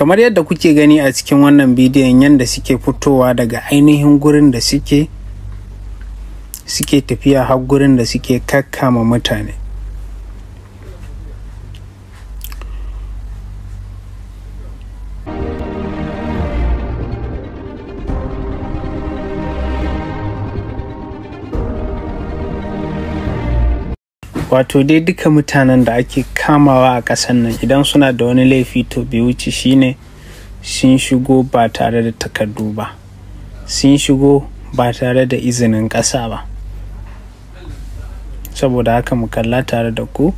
kamar yadda kuke gani a cikin wannan bidiyon yadda suke fitowa daga ainihin gurin da suke suke tafiya har gurin da suke kakkama mutane wato dai duka mutanen da ake kamawa a ƙasar nan idan suna da wani laifi to bai wuce shine sun shigo ba tare da takardu ba sun shigo ba tare da izinin ƙasa ba saboda haka mu kalla tare da ku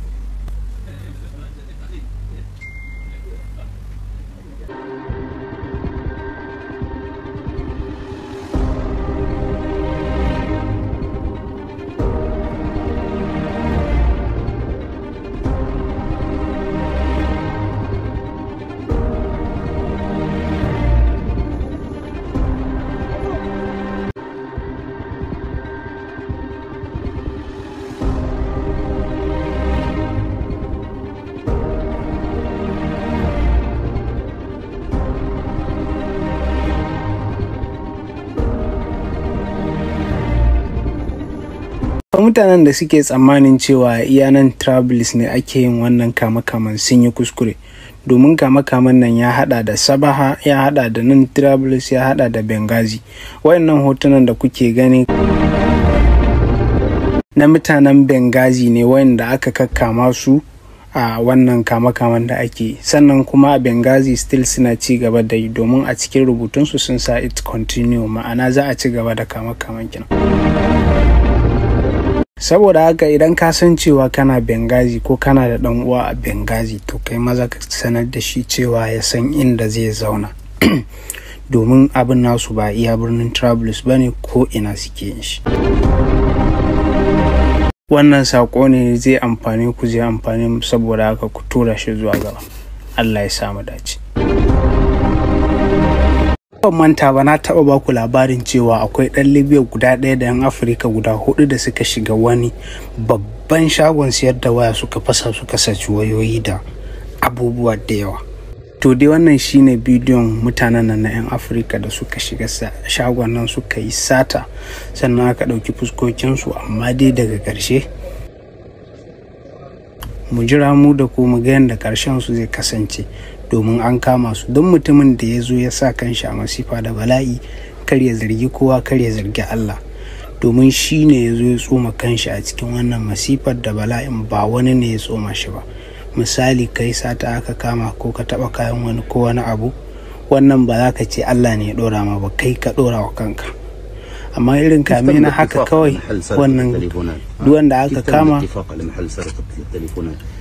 Akwai mutanen da suke tsammanin cewa iya nan Travelers ne ake yin wannan kamakaman kaman sun yi kuskure, domin kamakaman kaman nan ya haɗa da Sabaha, ya hada da nan Travelers, ya haɗa da Benghazi. wayannan hotunan da kuke gani na mutanen Benghazi ne wayanda aka kakkama su a wannan kamakaman kaman da ake sannan kuma a Benghazi still suna ci gaba da yi domin a cikin rubutunsu sun sa it continue ma'ana za a ci gaba da kama-kaman kenan. saboda haka idan ka san cewa kana bengazi ko kana da dan uwa a bengazi to kai maza ka sanar da shi cewa ya san inda zai zauna domin abin nasu ba iya birnin travelers ba ne ko ina suke yin shi wannan saƙo ne zai amfani ku zai amfani saboda haka ku tura shi zuwa gaba allah ya samu dace ban manta ba na taɓa baku labarin cewa akwai ɗan libya guda ɗaya da 'yan afirka guda hudu da suka shiga wani babban shagon siyar da waya suka fasa suka saci wayoyi da abubuwa da yawa to dai wannan shine bidiyon mutanen nan na 'yan afirka da suka shiga shagon nan suka yi sata sannan aka ɗauki fuskokinsu amma dai daga ƙarshe mu jira mu da ko mu ga yadda karshen su zai kasance domin an kama su don mutumin da ya zo ya sa kanshi a masifa da bala'i kar ya zargi kowa kar ya zargi Allah domin shi ne ya zo ya tsoma kanshi a cikin wannan masifar da bala'in ba wani ne ya tsoma shi ba misali kai sata aka kama ko ka taba kayan wani ko wani abu wannan ba za ka ce Allah ne ya dora ma ba kai ka dora wa kanka أما يلين كامينا حكا كوي وانا دوان دا عكا كاما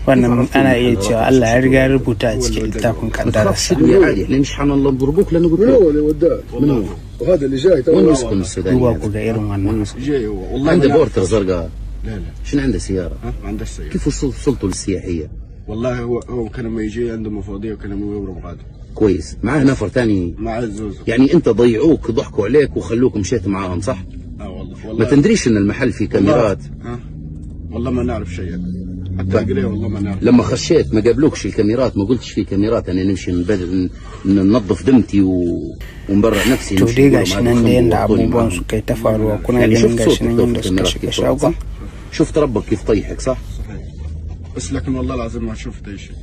وانا أنا إيجا الله عرقا ربوتا اتسكي لتاكم كدارة سيدي لنشحن الله بربوك لنقول لا ولا ودا منو وهذا اللي جاي وين يسكن السودانيات هو أقول غيرهم وانا جاي هو والله عنده بورتر زرقاء لا لا شنو عنده سيارة عنده سيارة كيف وصلتوا للسياحية والله هو هو كان لما يجي عنده مفاضيه وكان لما يضرب غادي كويس معاه نفر ثاني مع الزوز يعني انت ضيعوك ضحكوا عليك وخلوك مشيت معاهم صح؟ اه والله والله ما تندريش ان المحل فيه كاميرات والله, ها؟ والله ما نعرف شيء حتى طيب. اقريه والله ما نعرف لما خشيت ما قابلوكش الكاميرات ما قلتش في كاميرات انا نمشي ننظف دمتي و... ونبرع نفسي تودي قاشنين دين نلعب بونس كي تفعل وكنا يعني شفت صوتك في الكاميرات شفت ربك كيف طيحك صح؟ بس لكن والله العظيم ما شفت اي شيء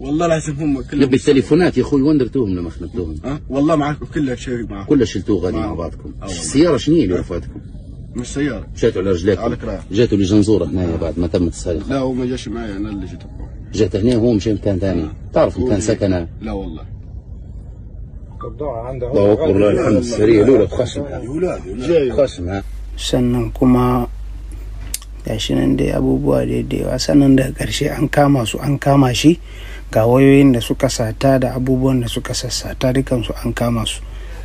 والله العظيم هم كلهم نبي التليفونات يا اخوي وين درتوهم لما خدمتوهم؟ أه؟ والله معكم كل شيء معكم كلها شلتوه غادي مع بعضكم السياره شنو هي اللي رفعتكم؟ مش سياره جاتوا على رجليكم على كراهي جاتوا لجنزوره هنايا بعد ما تمت السرقه لا هو ما جاش معي انا اللي جيت جات هنا وهو مشى مكان ثاني تعرف مكان سكنه لا والله الله اكبر الله الحمد السريه الاولى بخصم بخصم سنكما gashi nan dai abubuwa daidaiwa sannan daga karshe an kama su an kama shi ga wayoyin da suka sata da abubuwan da suka sassata dukansu an kama su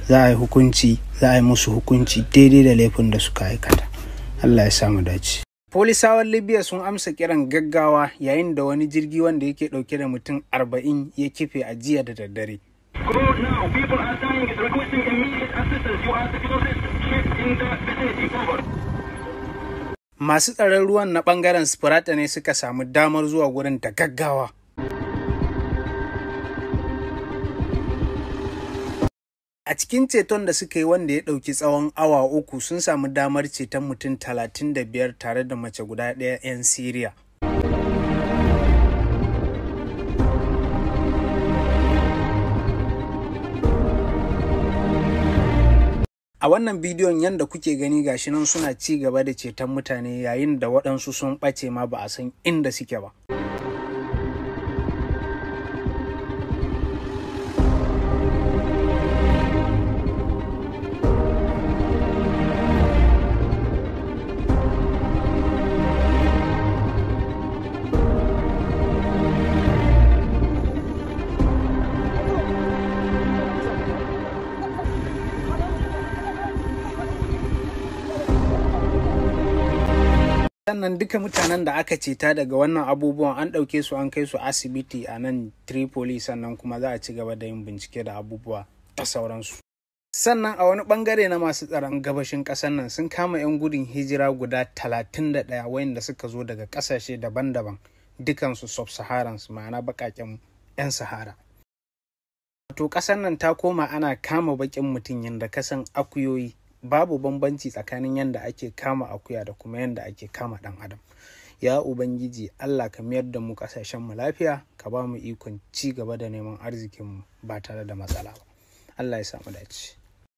za a yi hukunci za a yi musu hukunci daidai da laifin da suka aikata allah ya samu dace polisawan libya sun amsa kiran gaggawa yayin da wani jirgi wanda yake dauke da mutum arba'in ya kife a jiya da daddare People are dying, requesting immediate assistance. You are the closest ship in the vicinity. Over. masu tsaron ruwan na bangaren sprata ne suka samu damar zuwa wurin da gaggawa. A cikin ceton da suka yi wanda ya ɗauki tsawon awa uku sun samu damar ceton mutum 35 tare da mace guda ɗaya 'yan Siriya. a wannan bidiyon yadda kuke gani gashi nan suna ci gaba da ceton mutane yayin da waɗansu sun ɓace ma ba a san inda suke ba. sannan duka mutanen da aka ceta daga wannan abubuwan an ɗauke su an kai su asibiti a nan tripoli sannan kuma za a ci gaba da yin bincike da abubuwa da sauransu sannan a wani bangare na masu tsaron gabashin ƙasar nan sun kama 'yan gudun hijira guda 31 wayanda suka zo daga ƙasashe daban-daban dukansu sub-saharans ma'ana baƙaƙen 'yan sahara wato ƙasar nan ta koma ana kama baƙin mutum yadda kasan akuyoyi babu bambanci tsakanin yadda ake kama akuya da kuma yadda ake kama ɗan adam ya ubangiji allah ka mayar da mu mu lafiya ka ba mu ikon ci gaba da neman arzikinmu ba tare da matsala ba allah ya samu dace